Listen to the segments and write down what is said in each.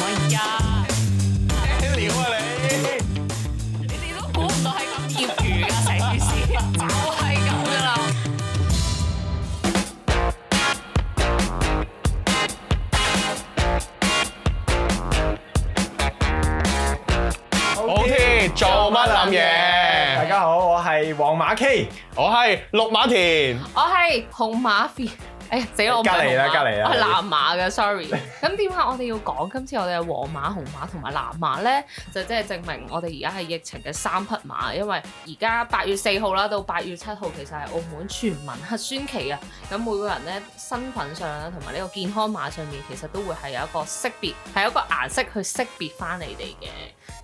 我而家啲料啊你，你哋都估唔到係咁業餘啊，成件事就係咁噶啦。好天做乜諗嘢？大家好，我係黃馬 K，我係綠馬田，我係紅馬飛。誒、哎、死我！隔離啦，隔離啦，係藍馬嘅 ，sorry。咁點解我哋要講今次我哋黃馬、紅馬同埋藍馬呢，就即係證明我哋而家係疫情嘅三匹馬，因為而家八月四號啦到八月七號，其實係澳門全民核酸期呀。咁、啊啊、每個人呢，身份上咧同埋呢個健康碼上面，其實都會係有一個識別，係有一個顏色去識別翻你哋嘅。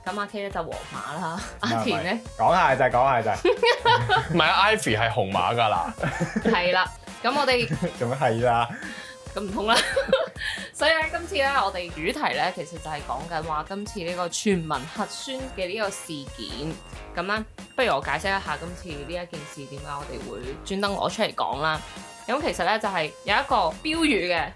咁阿 K 咧就黃馬啦，啊、阿田咧講下就講下就，唔係啊，Ivy 係紅馬噶啦，係 啦，咁我哋做咩係啦？咁唔通啦， 痛 所以咧今次咧，我哋主題咧其實就係講緊話今次呢個全民核酸嘅呢個事件，咁咧不如我解釋一下今次呢一件事點解我哋會專登攞出嚟講啦，咁其實咧就係、是、有一個標語嘅。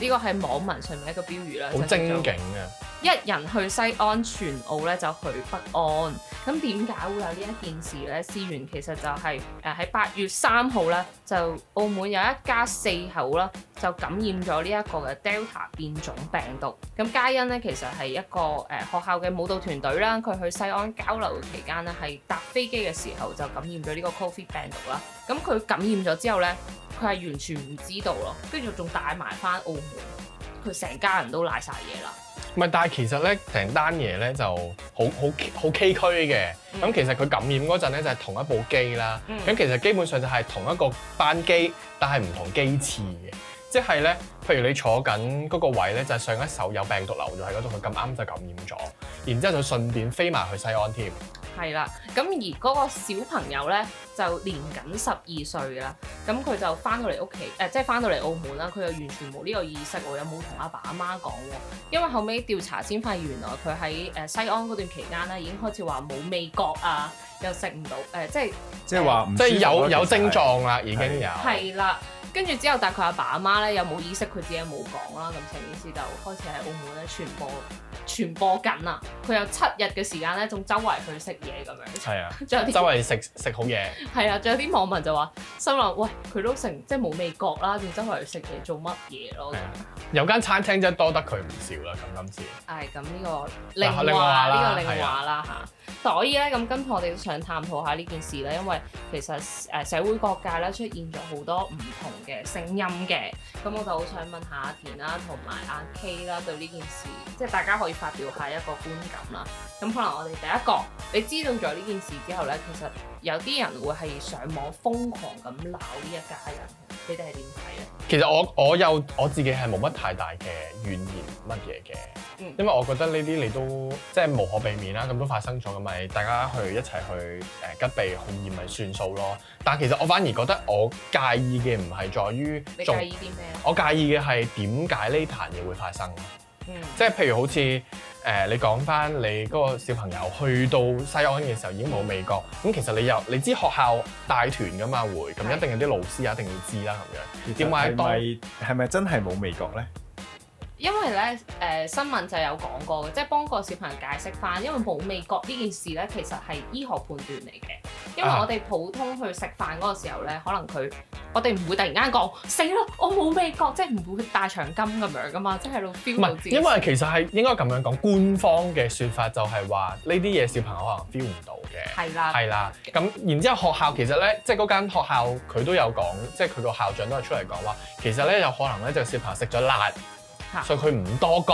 呢個係網民上面一個標語啦，好精警啊！一人去西安全澳咧就去不安，咁點解會有呢一件事咧？思源其實就係誒喺八月三號咧，就澳門有一家四口啦，就感染咗呢一個嘅 Delta 變種病毒。咁皆因咧其實係一個誒學校嘅舞蹈團隊啦，佢去西安交流期間咧，係搭飛機嘅時候就感染咗呢個 COVID 病毒啦。咁佢感染咗之後咧，佢係完全唔知道咯，跟住仲帶埋返澳。佢成家人都賴晒嘢啦，唔係，但係其實咧成單嘢咧就好好好崎嶇嘅。咁、嗯、其實佢感染嗰陣咧就係、是、同一部機啦，咁、嗯、其實基本上就係同一個班機，但係唔同機次嘅，即係咧，譬如你坐緊嗰個位咧就係、是、上一手有病毒留咗喺嗰度，佢咁啱就感染咗，然之後就順便飛埋去西安添。係啦，咁而嗰個小朋友咧就年僅十二歲啦，咁佢就翻到嚟屋企，誒、呃、即係翻到嚟澳門啦，佢又完全冇呢個意識喎，又冇同阿爸阿媽講喎，因為後尾調查先發現原來佢喺誒西安嗰段期間咧已經開始話冇味覺啊，又食唔到誒，即係即係話即係有有，有症狀啦，的已經有係啦。跟住之後，但係佢阿爸阿媽咧又冇意識，佢自己冇講啦。咁成件事就開始喺澳門咧傳播，傳播緊啦！佢有七日嘅時間咧，仲周圍去食嘢咁樣。係啊，仲有周圍食食好嘢。係啊，仲有啲網民就話：心諗喂，佢都成即係冇味覺啦，仲周圍去食嘢做乜嘢咯？有間餐廳真係多得佢唔少啦。咁今次，係咁呢個另話呢個另話啦嚇。所以咧咁，今次我哋都想探討下呢件事咧，因為其實誒社會各界咧出現咗好多唔同嘅聲音嘅，咁我就好想問下阿田啦，同埋阿 K 啦，對呢件事，即係大家可以發表下一個觀感啦。咁可能我哋第一個，你知道咗呢件事之後咧，其實。有啲人會係上網瘋狂咁鬧呢一家人，你哋係點睇啊？其實我我有我自己係冇乜太大嘅怨言乜嘢嘅，嗯、因為我覺得呢啲你都即係無可避免啦，咁都發生咗，咁咪大家去一齊去誒拮鼻控驗咪算數咯。但係其實我反而覺得我介意嘅唔係在於，你介意啲咩？我介意嘅係點解呢壇嘢會發生？嗯，即係譬如好似。誒、呃，你講翻你嗰個小朋友去到西安嘅時候已經冇味覺，咁、嗯、其實你又你知學校帶團㗎嘛，會，咁、嗯、的一定有啲老師一定要知啦，咁樣。點解係咪係咪真係冇味覺咧？因為咧，誒、呃、新聞就有講過嘅，即係幫個小朋友解釋翻。因為冇味覺呢件事咧，其實係醫學判斷嚟嘅。因為我哋普通去食飯嗰個時候咧，可能佢我哋唔會突然間講、啊、死啦，我冇味覺，即係唔會帶長金咁樣噶嘛。即係喺度 feel 到自己。唔係，因為其實係應該咁樣講，官方嘅說法就係話呢啲嘢小朋友可能 feel 唔到嘅。係啦，係啦。咁然之後學校其實咧，即係嗰間學校佢都有講，即係佢個校長都係出嚟講話，其實咧有可能咧就小朋友食咗辣。所以佢唔多覺，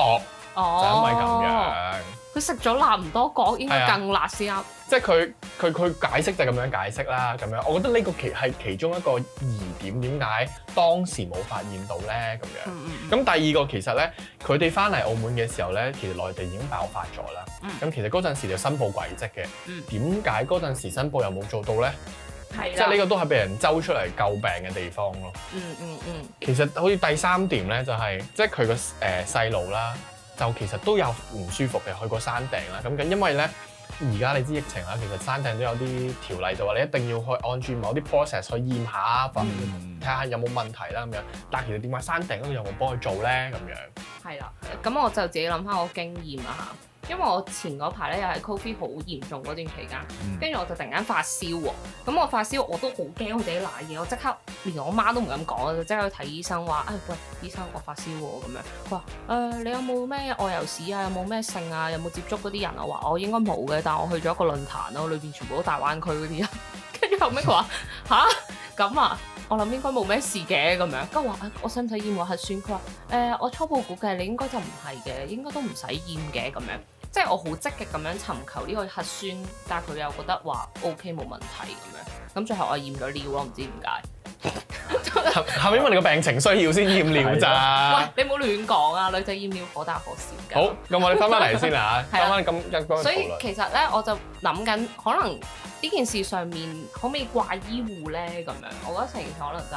哦、就因為咁樣。佢食咗辣唔多覺，應該更辣先啱。啊、即係佢佢佢解釋就咁樣解釋啦。咁樣，我覺得呢個其係其中一個疑點，點解當時冇發現到咧？咁樣。咁、嗯、第二個其實咧，佢哋翻嚟澳門嘅時候咧，其實內地已經爆發咗啦。咁、嗯、其實嗰陣時就申報軌跡嘅，點解嗰陣時申報又冇做到咧？即係呢個都係畀人揪出嚟救病嘅地方咯、嗯。嗯嗯嗯。其實好似第三點咧、就係，就係即係佢個誒細路啦，呃、弟弟就其實都有唔舒服嘅，去過山頂啦。咁咁，因為咧而家你知疫情啦，其實山頂都有啲條例就話，你一定要去按住某啲 process 去驗下，睇下、嗯、有冇問題啦咁樣。但係其實點解山頂嗰度有冇幫佢做咧咁樣？係啦，咁我就自己諗返我經驗啊。因為我前嗰排咧又喺 Covid 好嚴重嗰段期間，跟住我就突然間發燒喎，咁、嗯、我發燒我都好驚我哋喺舐嘢，我即刻連我媽都唔敢講，就即刻去睇醫生話，啊、哎、喂，醫生我發燒喎咁樣，佢話，誒、呃、你有冇咩外遊史啊？有冇咩性啊？有冇接觸嗰啲人啊？我話我應該冇嘅，但我去咗一個論壇咯，裏邊全部都大灣區嗰啲人，跟 住後尾佢話吓？咁啊，啊，我諗應該冇咩事嘅咁樣，跟住話、哎、我使唔使驗核酸？佢話誒我初步估計你應該就唔係嘅，應該都唔使驗嘅咁樣。即係我好積極咁樣尋求呢個核酸，但係佢又覺得話 O K 冇問題咁樣，咁最後我驗咗尿咯，唔知點解。後 後 面問你個病情需要先驗尿咋？啊、喂，你唔好亂講啊，女仔驗尿、那個、可大可小㗎。好，咁我哋翻返嚟先嚇，翻返咁，啊、所以，來所以其實咧我就諗緊可能。呢件事上面可唔可以怪醫護咧？咁樣我覺得成件事可能就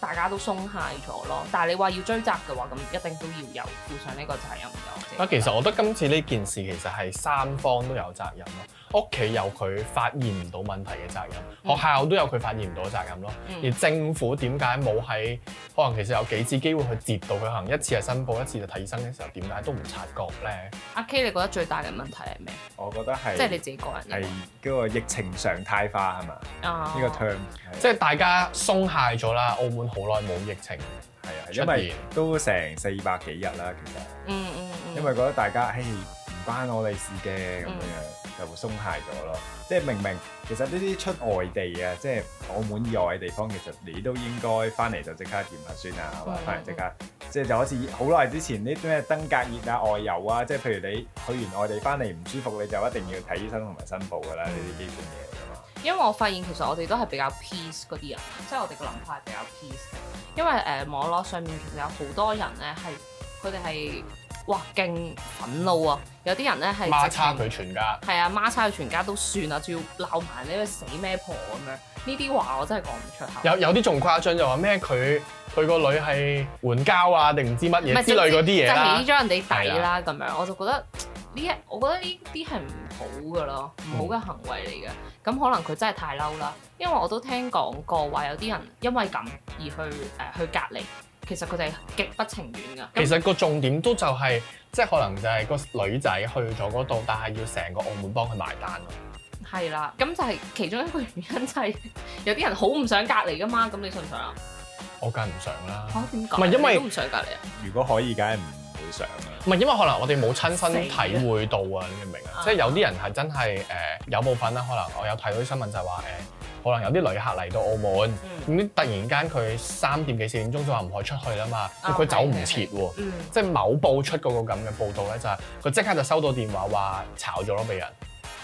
大家都鬆懈咗咯。但係你話要追責嘅話，咁一定都要有負上呢個責任嘅。啊，其實我覺得今次呢件事其實係三方都有責任咯。屋企有佢發現唔到問題嘅責任，學校都有佢發現唔到嘅責任咯。嗯、而政府點解冇喺可能其實有幾次機會去截到佢可能一次就申報，一次就睇醫生嘅時候，點解都唔察覺咧？阿、啊、K，你覺得最大嘅問題係咩？我覺得係即係你自己個人係嗰個疫情。人常態化係嘛？呢、oh. 個 term，即係大家鬆懈咗啦。澳門好耐冇疫情，係啊，因為都成四百幾日啦，其實。嗯嗯、mm。Hmm. 因為覺得大家，嘿，唔關我哋事嘅咁樣，mm hmm. 就鬆懈咗咯。即係明明其實呢啲出外地啊，即係澳門以外嘅地方，其實你都應該翻嚟就即刻掂下算啦，係嘛、mm？翻嚟即刻，mm hmm. 即係就好似好耐之前啲咩登革熱啊、外遊啊，即係譬如你去完外地翻嚟唔舒服，你就一定要睇醫生同埋申報㗎啦，呢啲、mm hmm. 基本嘢。因為我發現其實我哋都係比較 peace 嗰啲人，即係我哋個諗法係比較 peace。因為誒網絡上面其實有好多人咧係佢哋係哇勁憤怒啊，有啲人咧係媽抄佢全家，係啊媽抄佢全家都算啦，仲要鬧埋你個死咩婆咁樣。呢啲話我真係講唔出口。有有啲仲誇張就話咩佢佢個女係援交啊，定唔知乜嘢唔係、就係、之類嗰啲嘢啦。就起咗人哋底啦咁樣，我就覺得。呢一，我覺得呢啲係唔好噶咯，唔好嘅行為嚟嘅。咁可能佢真係太嬲啦，因為我都聽講過話有啲人因為咁而去誒、呃、去隔離，其實佢哋極不情願噶。其實個重點都就係、是，即係可能就係個女仔去咗嗰度，但係要成個澳門幫佢埋單咯。係啦，咁就係其中一個原因、就是，就係有啲人好唔想隔離噶嘛。咁你信唔信啊？我梗唔想啦。嚇、哦？點講？因為都唔想隔離啊。如果可以，梗係唔。唔係，因為可能我哋冇親身體會到啊！你明唔明啊？即係有啲人係真係誒、呃，有部分啦。可能我有睇到啲新聞就係話誒，可能有啲旅客嚟到澳門，咁、嗯、突然間佢三點幾四點鐘就話唔可以出去啦嘛，佢、啊、走唔切喎。啊嗯、即係某報出嗰個咁嘅報道咧，就係佢即刻就收到電話話炒咗咯俾人，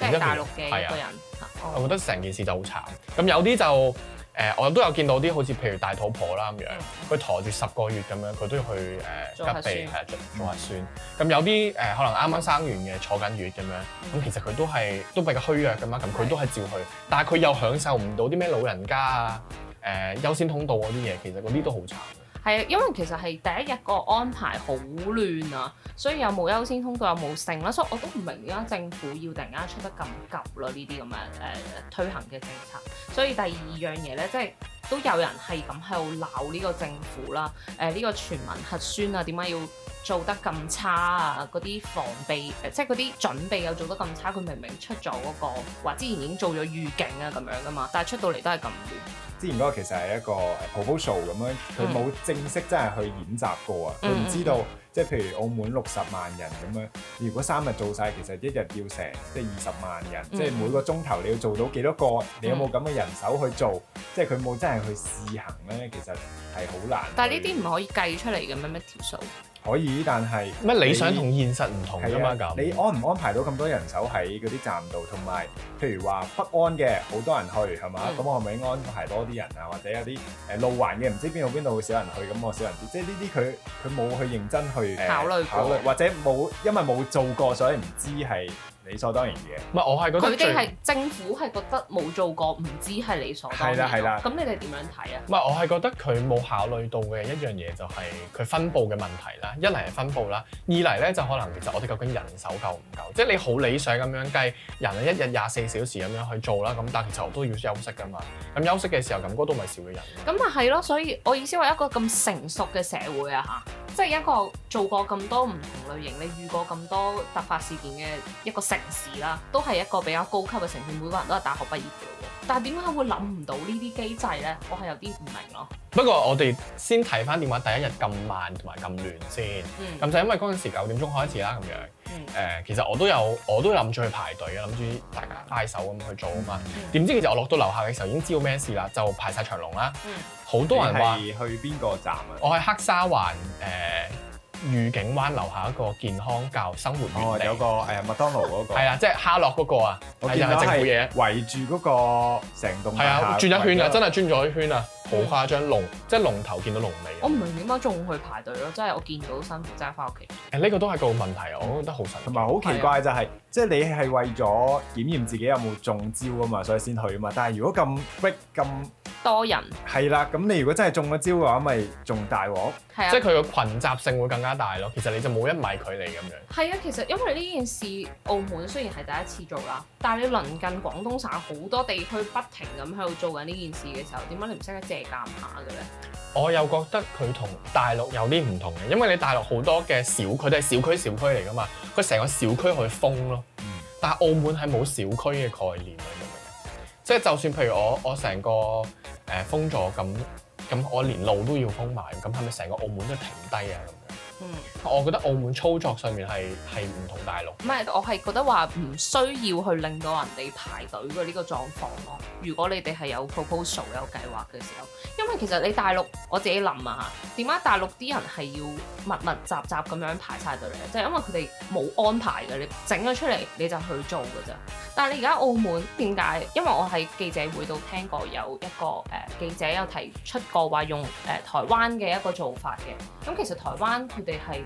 即係大陸嘅一個人對、哦、我覺得成件事就好慘。咁有啲就。誒、呃，我都有見到啲好似譬如大肚婆啦咁樣，佢陀住十個月咁樣，佢都要去誒、呃嗯、急鼻，係啊，做核酸。咁、嗯嗯、有啲誒、呃，可能啱啱生完嘅，坐緊月咁樣，咁、嗯嗯、其實佢都係都比較虛弱㗎嘛，咁佢都係照去，嗯、但係佢又享受唔到啲咩老人家啊，誒優先通道嗰啲嘢，其實嗰啲都好慘。係因為其實係第一日個安排好亂啊，所以有冇優先通道有冇剩啦。所以我都唔明點解政府要突然間出得咁急咯，呢啲咁嘅誒推行嘅政策。所以第二樣嘢咧，即係。都有人係咁喺度鬧呢個政府啦，誒、呃、呢、呢個全民核酸啊，點解要做得咁差啊？嗰啲防備，誒即係嗰啲準備又做得咁差，佢明明出咗嗰、嗰個話之前已經做咗預警啊，咁樣噶嘛，但係出到嚟都係咁亂。之前嗰個其實係一個 proposal 咁樣，佢冇正式真係去演習過啊，佢唔、嗯、知道。即係譬如澳門六十萬人咁樣，如果三日做晒，其實一日要成即係二十萬人，嗯、即係每個鐘頭你要做到幾多個？你有冇咁嘅人手去做？嗯、即係佢冇真係去試行咧，其實係好難。但係呢啲唔可以計出嚟嘅咩咩條數？可以，但係乜理想同現實唔同啊嘛、嗯、你安唔安排到咁多人手喺嗰啲站度，同埋譬如話北安嘅好多人去係嘛？咁、嗯、我係咪安排多啲人啊？或者有啲誒路環嘅唔知邊度邊度會少人去，咁我少人啲。即係呢啲佢佢冇去認真去考慮考慮，或者冇因為冇做過，所以唔知係。理所當然嘅，唔係我係覺得佢已經係政府係覺得冇做過，唔知係理所當然。係啦係啦，咁你哋點樣睇啊？唔係我係覺得佢冇考慮到嘅一樣嘢就係佢分佈嘅問題啦，一嚟係分佈啦，二嚟咧就可能其實我哋究竟人手夠唔夠？即係你好理想咁樣計人一日廿四小時咁樣去做啦，咁但係其實我都要休息㗎嘛。咁休息嘅時候咁嗰度咪少咗人。咁但係咯，所以我意思話一個咁成熟嘅社會啊嚇。即係一個做過咁多唔同類型，你遇過咁多突發事件嘅一個城市啦，都係一個比較高級嘅城市。每個人都係大學畢業嘅喎，但係點解會諗唔到呢啲機制咧？我係有啲唔明咯。不過我哋先睇翻電話第一日咁慢同埋咁亂先，咁、嗯、就因為嗰陣時九點鐘開始啦，咁樣誒、嗯呃，其實我都有我都諗住去排隊嘅，諗住大家拉手咁去做啊嘛。點、嗯嗯、知其實我落到樓下嘅時候已經知道咩事啦，就排晒長龍啦。嗯好多人話去邊個站啊？我喺黑沙環誒、呃、御景灣樓下一個健康教生活園地，哦，有個誒、哎、麥當勞嗰、嗰個。係 啊，即係哈樂嗰、嗰個啊，係啊，政府嘢圍住嗰個成棟係啊，轉咗圈啊，圈了真係轉咗圈啊！好誇張，龍即係龍頭見到龍尾。我唔明點解仲去排隊咯，即係我見到辛苦，即係翻屋企。誒、欸，呢、這個都係個問題，我覺得好神奇。同埋好奇怪就係、是，啊、即係你係為咗檢驗自己有冇中招啊嘛，所以先去啊嘛。但係如果咁逼咁多人，係啦、啊，咁你如果真係中咗招嘅話，咪仲大鑊。係啊，即係佢個群集性會更加大咯。其實你就冇一米距離咁樣。係啊，其實因為呢件事，澳門雖然係第一次做啦。但係你鄰近廣東省好多地區不停咁喺度做緊呢件事嘅時候，點解你唔識得借鑑下嘅咧？我又覺得佢同大陸有啲唔同嘅，因為你大陸好多嘅小區都係小區小區嚟㗎嘛，佢成個小區可以封咯。但係澳門係冇小區嘅概念嘅，即係就算、是、譬如我我成個誒封咗咁咁，我連路都要封埋，咁係咪成個澳門都停低啊？嗯，我覺得澳門操作上面係係唔同大陸。唔係，我係覺得話唔需要去令到人哋排隊嘅呢、這個狀況咯。如果你哋係有 proposal 有計劃嘅時候，因為其實你大陸我自己諗啊吓，點解大陸啲人係要密密集集咁樣排晒隊咧？就係、是、因為佢哋冇安排嘅，你整咗出嚟你就去做㗎啫。但係你而家澳門點解？因為我喺記者會度聽過有一個誒、呃、記者有提出過話用誒、呃、台灣嘅一個做法嘅。咁其實台灣哋係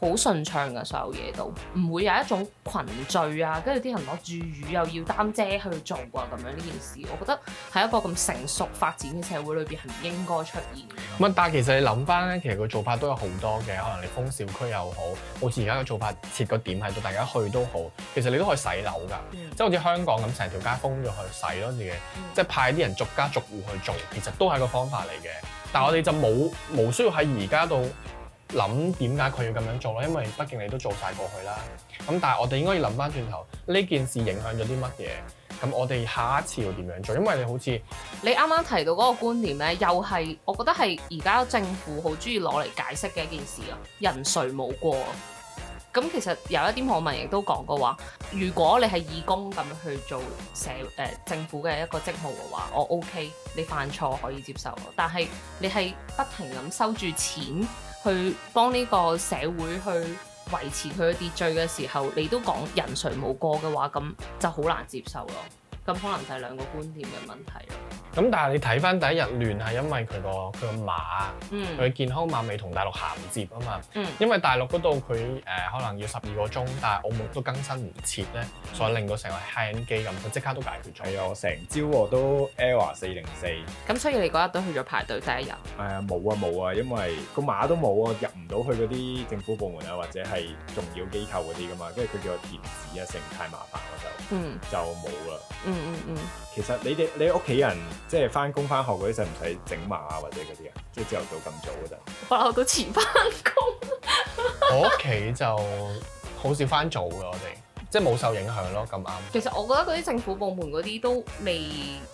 好順暢嘅，所有嘢都唔會有一種群聚啊，跟住啲人攞住雨又要擔遮去做啊，咁樣呢件事，我覺得喺一個咁成熟發展嘅社會裏邊係唔應該出現嘅。唔但係其實你諗翻咧，其實個做法都有好多嘅，可能你封小區又好，好似而家嘅做法設個點喺度，大家去都好。其實你都可以洗樓㗎，嗯、即係好似香港咁成條街封咗去洗咯，自嘅、嗯、即係派啲人逐家逐戶去做，其實都係個方法嚟嘅。但係我哋就冇冇、嗯、需要喺而家度。諗點解佢要咁樣做咯？因為畢竟你都做晒過去啦。咁但係我哋應該要諗翻轉頭，呢件事影響咗啲乜嘢？咁我哋下一次要點樣做？因為你好似你啱啱提到嗰個觀點觀念咧，又係我覺得係而家政府好中意攞嚟解釋嘅一件事咯。人誰冇過，咁其實有一啲網民亦都講過話，如果你係義工咁去做社誒、呃、政府嘅一個職務嘅話，我 OK 你犯錯可以接受，但係你係不停咁收住錢。去幫呢個社會去維持佢嘅秩序嘅時候，你都講人誰無過嘅話，咁就好難接受咯。咁可能就係兩個觀點嘅問題咯。咁但係你睇翻第一日亂係因為佢個佢個碼，佢、嗯、健康碼未同大陸銜接啊嘛。嗯、因為大陸嗰度佢誒可能要十二個鐘，但係澳門都更新唔切咧，嗯、所以令到成為 hand 機咁，佢即刻都解決咗。係啊，我成朝都 error 四零四。咁所以你嗰日都去咗排隊第一日？係冇、哎、啊冇啊，因為個碼都冇啊，入唔到去嗰啲政府部門啊或者係重要機構嗰啲噶嘛，跟住佢叫我填紙啊成，太麻煩我就、嗯、就冇啦。嗯嗯嗯，嗯嗯其實你哋你屋企人即係翻工翻學嗰啲使唔使整碼啊或者嗰啲啊？即係朝頭早咁早嗰咋。我留到遲翻工。我屋企就好少翻早㗎，我哋即係冇受影響咯咁啱。其實我覺得嗰啲政府部門嗰啲都未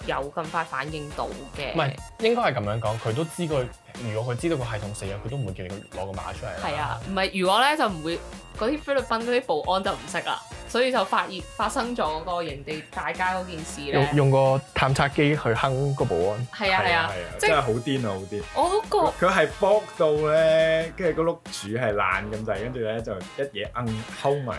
有咁快反應到嘅。唔係應該係咁樣講，佢都知佢如果佢知道個系統死咗，佢都唔會叫你攞個碼出嚟。係啊，唔係如果咧就唔會嗰啲菲律賓嗰啲保安就唔識啦。所以就發現發生咗個人哋大街嗰件事咧，用個探測機去坑個保安。係啊係啊，啊，啊啊啊真係、啊就是、好癲啊好癲！我都覺佢係 b 到咧，跟住個碌柱係爛咁滯，跟住咧就一嘢嗯溝埋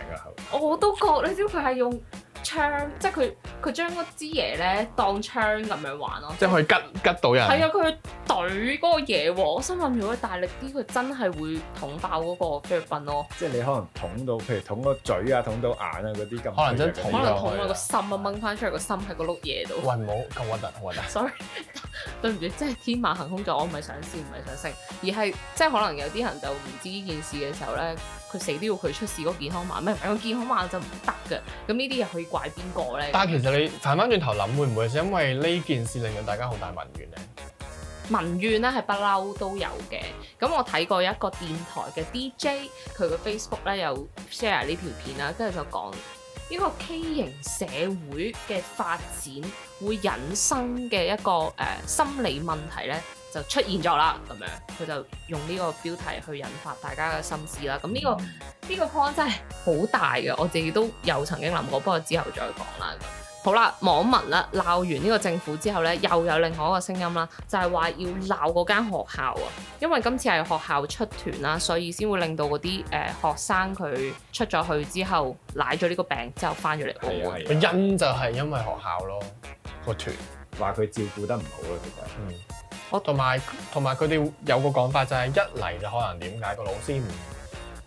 個口。我都覺你知佢係用。槍，即係佢佢將嗰支嘢咧當槍咁樣玩咯，即係可以吉吉到人。係啊，佢去懟嗰個嘢喎，我心諗如果大力啲，佢真係會捅爆嗰、那個菲律賓咯。即係你可能捅到，譬如捅個嘴啊，捅到眼啊嗰啲咁。可能就捅，可能捅到個心啊，掹翻、啊、出嚟個心喺個碌嘢度。唔好咁核突，核、嗯、突。嗯嗯嗯嗯、Sorry， 對唔住，即係天馬行空咗，我唔係想笑，唔係想笑，而係即係可能有啲人就唔知呢件事嘅時候咧。佢死都要佢出示嗰健康碼，唔係個健康碼就唔得嘅。咁呢啲又可以怪邊個咧？但係其實你反翻轉頭諗，會唔會係因為呢件事令到大家好大民怨咧？民怨咧係不嬲都有嘅。咁我睇過有一個電台嘅 DJ，佢個 Facebook 咧有 share 呢條片啦，跟住就講呢個畸形社會嘅發展會引生嘅一個誒、呃、心理問題咧。就出現咗啦，咁樣佢就用呢個標題去引發大家嘅心思啦。咁呢、呢個呢、呢個 point 真係好大嘅，我自己都有曾經諗過，不過之後再講啦。好啦，網民啦鬧完呢個政府之後呢，又有另外一個聲音啦，就係、係、話要鬧嗰間學校啊，因為今次係學校出團啦，所以先會令到嗰啲誒學生佢出咗去之後攋咗呢個病之後翻咗嚟。個因就係因為學校咯，個團。話佢照顧得唔好咯，其實嗯，哦，同埋同埋佢哋有個講法就係，一嚟就可能點解個老師唔？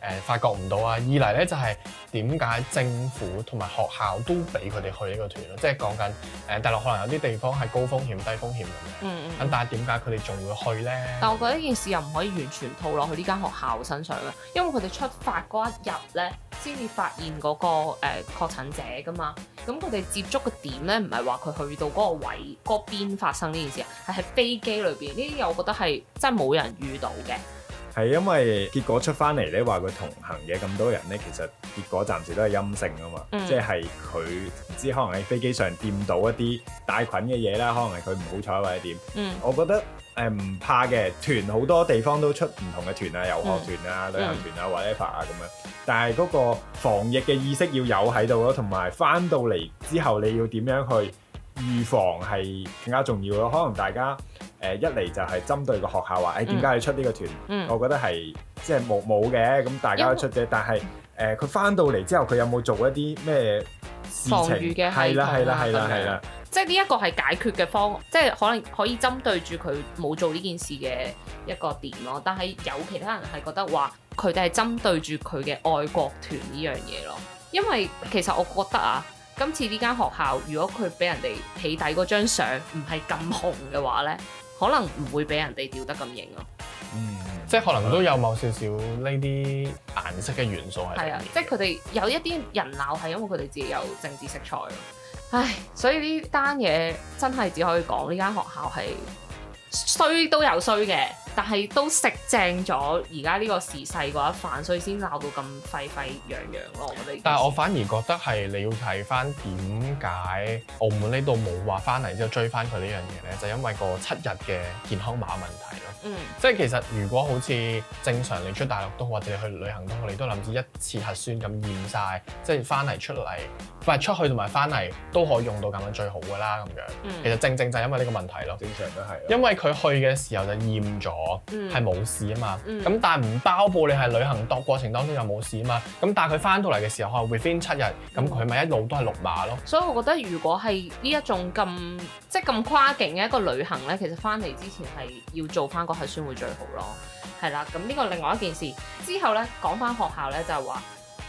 誒發覺唔到啊！二嚟咧就係點解政府同埋學校都俾佢哋去呢個團咯？即係講緊誒，大陸可能有啲地方係高風險、低風險咁。嗯嗯。咁但係點解佢哋仲會去咧？但我覺得呢件事又唔可以完全套落去呢間學校身上嘅，因為佢哋出發嗰一日咧先至發現嗰、嗰個誒、呃、確診者噶嘛。咁佢哋接觸嘅點咧，唔係話佢去到嗰個位、嗰個邊發生呢件事，係喺飛機裏邊。呢啲我覺得係真係冇人遇到嘅。係因為結果出翻嚟咧，話佢同行嘅咁多人咧，其實結果暫時都係陰性啊嘛，嗯、即係佢唔知可能喺飛機上掂到一啲帶菌嘅嘢啦，可能係佢唔好彩或者點、嗯。嗯，我覺得誒唔怕嘅，團好多地方都出唔同嘅團啊，遊學團啊、嗯、旅行團啊或者 a 啊咁樣。但係嗰個防疫嘅意識要有喺度咯，同埋翻到嚟之後你要點樣去？預防係更加重要咯，可能大家誒、呃、一嚟就係針對個學校話，誒點解你出呢個團？嗯、我覺得係即係冇冇嘅，咁大家都出啫。因為 但係誒佢翻到嚟之後，佢有冇做一啲咩防禦嘅係啦係啦係啦係啦，即係呢一個係解決嘅方，即係可能可以針對住佢冇做呢件事嘅一個點咯。但係有其他人係覺得話佢哋係針對住佢嘅愛國團呢樣嘢咯，因為其實我覺得啊。今次呢間學校，如果佢俾人哋起底嗰張相唔係咁紅嘅話呢，可能唔會俾人哋吊得咁型咯。嗯，即係可能都有某少少呢啲顏色嘅元素喺度。係啊，即係佢哋有一啲人鬧係因為佢哋自己有政治色彩，唉，所以呢單嘢真係只可以講呢間學校係。衰都有衰嘅，但係都食正咗而家呢個時勢嗰一飯，所以先鬧到咁沸沸揚揚咯。我覺得。但係我反而覺得係你要睇翻點解澳門呢度冇話翻嚟之後追翻佢呢樣嘢咧，就是，因為個七日嘅健康碼問題咯。嗯。即係其實如果好似正常你出大陸都或者你去旅行都好，你都諗住一次核酸咁驗晒，即係翻嚟出嚟，唔係出去同埋翻嚟都可以用到咁樣最好㗎啦咁樣、嗯、其實正正，正就係因為呢個問題咯。正，正常都係。因為。佢去嘅時候就驗咗，係冇、嗯、事啊嘛。咁、嗯、但係唔包保你係旅行度過程當中又冇事啊嘛。咁但係佢翻到嚟嘅時候，話 return 七日，咁佢咪一路都係綠碼咯。所以我覺得如果係呢一種咁即係咁跨境嘅一個旅行咧，其實翻嚟之前係要做翻個核酸會最好咯。係啦，咁呢個另外一件事之後咧，講翻學校咧就係、是、話。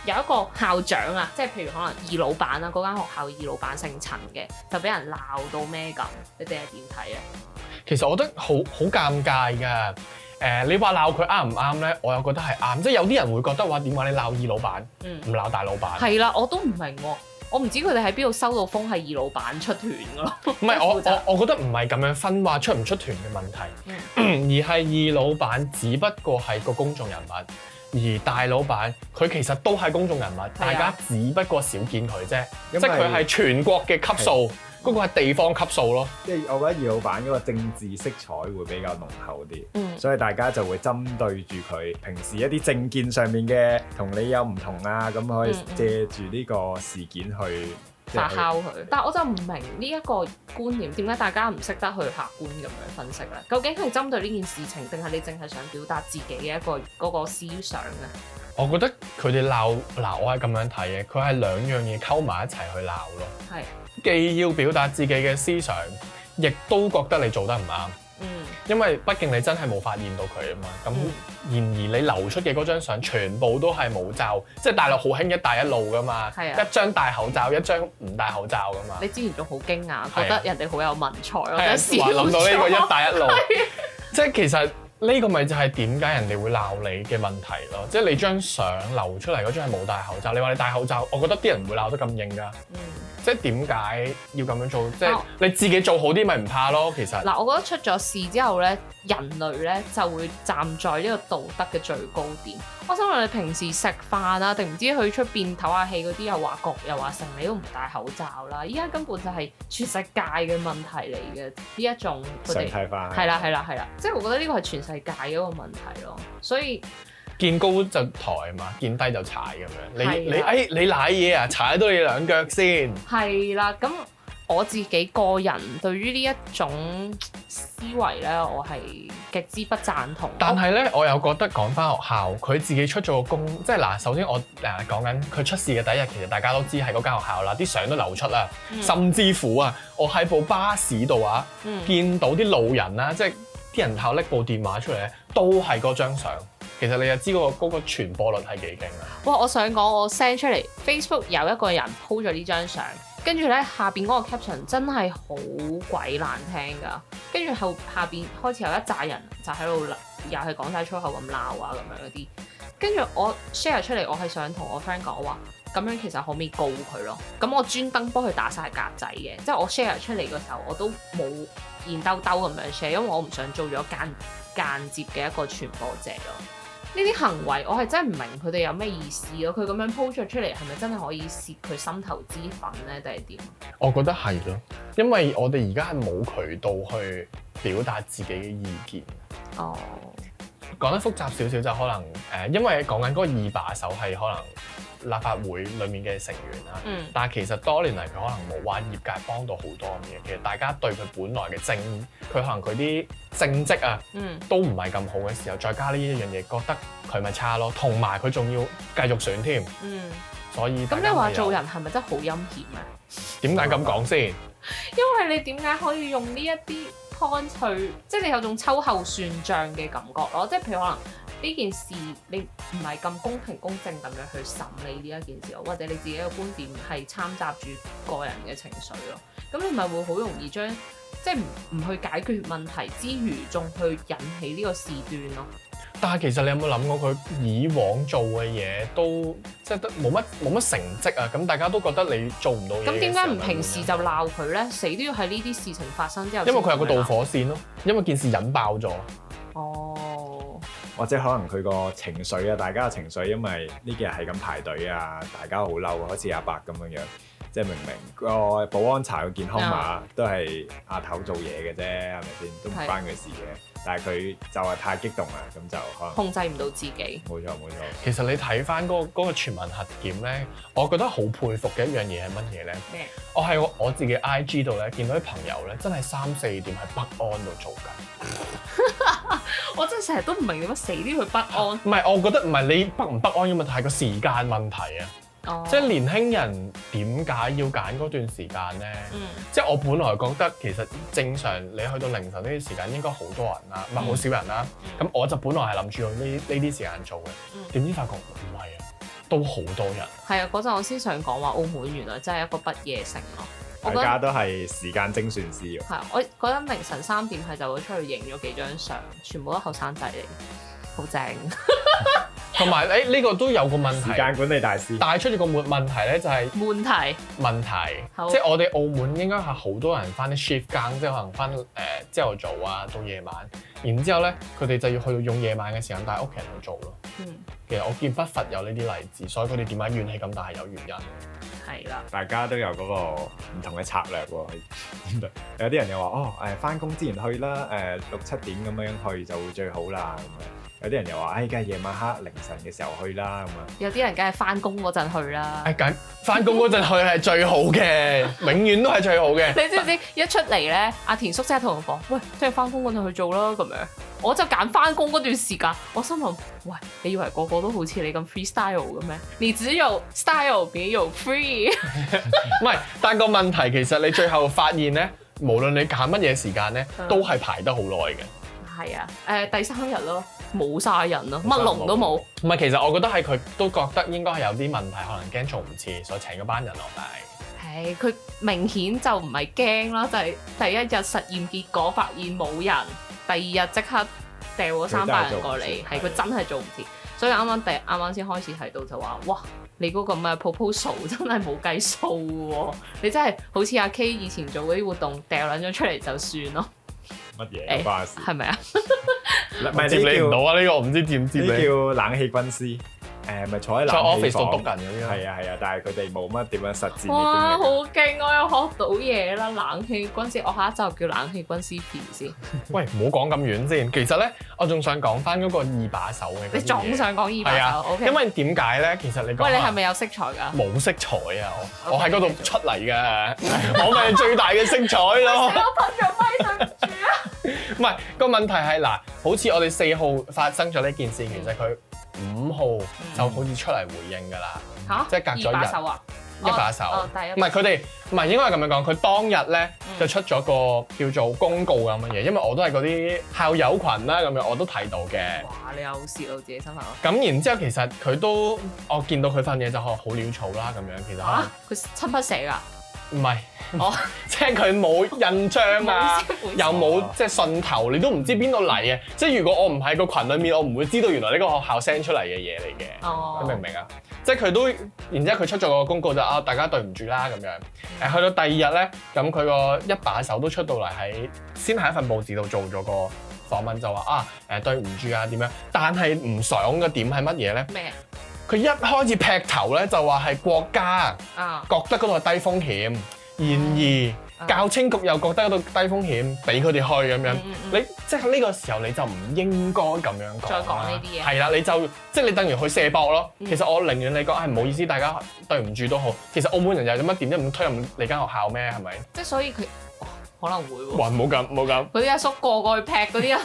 有一個校長啊，即係譬如可能二老闆啊嗰間學校二老闆姓陳嘅，就俾人鬧到咩咁？你哋係點睇啊？其實我覺得好好尷尬噶。誒、呃，你話鬧佢啱唔啱咧？我又覺得係啱。即係有啲人會覺得話點話？你鬧二老闆，唔鬧、嗯、大老闆。係啦，我都唔明喎。我唔知佢哋喺邊度收到風係二老闆出團噶咯。唔 係我我我覺得唔係咁樣分話出唔出團嘅問題，嗯、而係二老闆只不過係個公眾人物。而大老闆佢其實都係公眾人物，大家只不過少見佢啫，即係佢係全國嘅級數，嗰個係地方級數咯。即係我覺得二老闆嗰個政治色彩會比較濃厚啲，嗯，所以大家就會針對住佢平時一啲政見上面嘅同你有唔同啊，咁可以借住呢個事件去發酵佢，但係我就唔明呢一個觀念點解、嗯、大家唔識得去客觀咁樣分析咧？究竟係針對呢件事情，定係你淨係想表達自己嘅一個嗰個思想咧？我覺得佢哋鬧嗱，我係咁樣睇嘅，佢係兩樣嘢溝埋一齊去鬧咯。係的，既要表達自己嘅思想，亦都覺得你做得唔啱。因為畢竟你真係冇發現到佢啊嘛，咁然而你流出嘅嗰張相全部都係冇罩，即係大陸好興一帶一路噶嘛，啊、一張戴口罩，一張唔戴口罩噶嘛。你之前仲好驚訝，覺得人哋好有文采咯，有時話諗到呢個一帶一路，啊、即係其實呢個咪就係點解人哋會鬧你嘅問題咯， 即係你張相流出嚟嗰張係冇戴口罩，你話你戴口罩，我覺得啲人唔會鬧得咁硬噶。嗯。即係點解要咁樣做？即係你自己做好啲，咪唔怕咯。其實嗱，啊，我覺得出咗事之後咧，人類咧就會站在呢個道德嘅最高點。我想問你，平時食飯啊，定唔知去出邊唞下氣嗰啲，又話焗又話剩，你都唔戴口罩啦。依家根本就係全世界嘅問題嚟嘅呢一種佢哋。食係啦係啦係啦，即係我覺得呢個係全世界嘅一個問題咯，所以。見高就抬嘛，見低就踩咁樣。你的你哎，你賴嘢啊，踩多你兩腳先。係啦，咁我自己個人對於呢一種思維咧，我係極之不贊同。但係咧，我又覺得講翻學校佢自己出咗個工，即係嗱。首先我誒、啊、講緊佢出事嘅第一日，其實大家都知係嗰間學校啦，啲相都流出啦，嗯、甚至乎啊，我喺部巴士度啊，嗯、見到啲路人啦，即係啲人後拎部電話出嚟咧，都係嗰張相。其實你又知個嗰個傳播率係幾勁啊！哇！我想講，我 send 出嚟 Facebook 有一個人 po 咗呢張相，跟住咧下邊嗰個 caption 真係好鬼難聽噶。跟住後下邊開始有一紮人就喺度又係講晒粗口咁鬧，鬧啊，咁樣嗰啲。跟住我 share 出嚟，我係想同我 friend 講話，咁樣其實可唔可以告佢咯？咁我專登幫佢打晒格仔嘅，即係我 share 出嚟嘅時候我都冇現兜兜咁樣 share，因為我唔想做咗間間接嘅一個傳播者咯。呢啲行為，我係真係唔明佢哋有咩意思咯。佢咁樣 po 出出嚟，係咪真係可以泄佢心頭之憤咧，定係點？我覺得係咯，因為我哋而家係冇渠道去表達自己嘅意見。哦，講得複雜少少就可能誒、呃，因為講緊嗰個二把手係可能。立法會裡面嘅成員啦，嗯、但係其實多年嚟佢可能冇話業界幫到好多嘅嘢，其實大家對佢本來嘅政，佢可能佢啲政績啊，嗯、都唔係咁好嘅時候，再加呢一樣嘢，覺得佢咪差咯，同埋佢仲要繼續選添，嗯、所以咁、嗯、你話做人係咪真係好陰險啊？點解咁講先？因為你點解可以用呢一啲 point 去，即係你有種秋後算賬嘅感覺咯，即係譬如可能。呢件事你唔係咁公平公正咁樣去審理呢一件事，或者你自己嘅觀點係摻雜住個人嘅情緒咯。咁你咪會好容易將即係唔去解決問題之餘，仲去引起呢個事端咯。但係其實你有冇諗過，佢以往做嘅嘢都即係得冇乜冇乜成績啊？咁大家都覺得你做唔到嘢。咁點解唔平時就鬧佢咧？死都要喺呢啲事情發生之後，因為佢有個導火線咯、啊，因為件事引爆咗。或者可能佢個情緒啊，大家嘅情緒，因為呢幾日係咁排隊啊，大家好嬲啊，好似阿伯咁樣樣，即係明明個保安查個健康碼、啊、都係阿頭做嘢嘅啫，係咪先？都唔關佢事嘅。的但係佢就係太激動啦，咁就可能控制唔到自己。冇錯冇錯。錯其實你睇翻嗰個全民、嗰個、核檢咧，我覺得好佩服嘅一樣嘢係乜嘢咧？麼我喺我自己 IG 度咧見到啲朋友咧，真係三四點喺北安度做緊。 我真係成日都唔明，點解死啲去不安。唔係、啊，我覺得唔係你不唔不安嘅問題，係個時間問題啊。哦，即係年輕人點解要揀嗰段時間咧？嗯，即係我本來覺得其實正常你去到凌晨呢啲時間應該好多人啦、啊，唔係好少人啦、啊。咁、嗯、我就本來係諗住用呢呢啲時間做嘅，點、嗯、知發覺唔係啊，都好多人。係啊，嗰陣我先想講話澳門原來真係一個不夜城咯。大家都係時間精算師喎。係啊，我嗰陣凌晨三點係就出去影咗幾張相，全部都後生仔嚟，好正。同埋誒呢個都有個問題，時間管理大師但係出咗個問問題咧，就係問題問題。即係我哋澳門應該係好多人翻啲 shift 更，即係可能翻誒朝頭早啊，到夜晚。然之後咧，佢哋就要去到用夜晚嘅時間帶屋企人去做咯、啊。嗯。其實我見不乏有呢啲例子，所以佢哋點解怨氣咁大係有原因。係啦，大家都有嗰個唔同嘅策略喎、哦。 有啲人又話：哦，誒、呃，翻工之前去啦，誒、呃，六七點咁樣去就會最好啦，咁樣。有啲人又話：哎，梗係夜晚黑、凌晨嘅時候去啦，咁樣。有啲人梗係翻工嗰陣去啦。梗翻工嗰陣去係最好嘅， 永遠都係最好嘅。你知唔知但一出嚟咧，阿田叔即係同我講：喂，即係翻工嗰陣去做咯，咁樣。我就揀翻工嗰段時間，我心諗：喂，你以為個個都好似你咁 freestyle 咁咩？你只有 style 比咗 free。唔 係， 但個問題其實你最後發現咧，無論你揀乜嘢時間咧，都係排得好耐嘅。係啊，誒、呃、第三日咯，冇晒人咯，乜龍都冇。唔係，其實我覺得係佢都覺得應該係有啲問題，可能驚做唔切，所以請嗰班人落嚟。係，佢明顯就唔係驚咯，就係、是、第一日實驗結果發現冇人，第二日即刻掉咗三百人過嚟，係佢真係做唔切。的所以啱啱第啱啱先開始提到就話，哇，你嗰個咩 proposal 真係冇計數喎，哦，你真係好似阿 K 以前做嗰啲活動掉兩張出嚟就算咯。乜嘢？係咪啊？我接你唔到啊？呢個我唔知點接。呢叫冷氣軍師。誒，咪坐喺冷氣房。坐 office 篤緊咁樣。係啊係啊，但係佢哋冇乜點樣實戰。哇，好勁！我又學到嘢啦，冷氣軍師。我下一集叫冷氣軍師片先。喂，唔好講咁遠先。其實咧，我仲想講翻嗰個二把手嘅。你仲想講二把手？係啊，因為點解咧？其實你講喂，你係咪有色彩㗎？冇色彩啊！我喺嗰度出嚟㗎，我咪最大嘅色彩咯。我噴咗咪，對唔住。唔係，個問題係嗱，好似我哋四號發生咗呢件事，嗯、其實佢五號就好似出嚟回應㗎啦，嗯、即係隔咗一日，一把手啊，一把手，唔係佢哋，唔、哦、係應該係咁樣講，佢當日咧就出咗個、嗯、叫做公告咁嘅嘢，因為我都係嗰啲校友群啦咁樣，我都睇到嘅。哇，你有泄露自己身份咯？咁然之後其實佢都，我見到佢份嘢就係好潦草啦咁樣，其實嚇，佢、啊、親筆寫㗎。唔係，oh. 即係佢冇印章啊， 又冇即係信頭，你都唔知邊度嚟嘅。Oh. 即係如果我唔喺個群裏面，我唔會知道原來呢個學校 send 出嚟嘅嘢嚟嘅。哦，你明唔明啊？Oh. 即係佢都，然之後佢出咗個公告就啊，大家對唔住啦咁樣。誒，去到第二日咧，咁佢個一把手都出到嚟喺先喺一份報紙度做咗個訪問，就話啊，誒、呃、對唔住啊點樣？但係唔想嘅點係乜嘢咧？咩？佢一開始劈頭咧就話係國家啊，覺得嗰度係低風險，嗯、然而教青局又覺得嗰度低風險，俾佢哋去咁樣，嗯嗯嗯、你即係呢個時候你就唔應該咁樣講，再講呢啲嘢，係啦，你就即係你等如去射博咯。其實我寧願你講，唔、哎、唔好意思，嗯、大家對唔住都好。其實澳門人又點乜點，都唔推入你間學校咩？係咪？即係所以佢、哦、可能會喎。雲冇咁冇咁，嗰啲阿叔個個去劈嗰啲啊！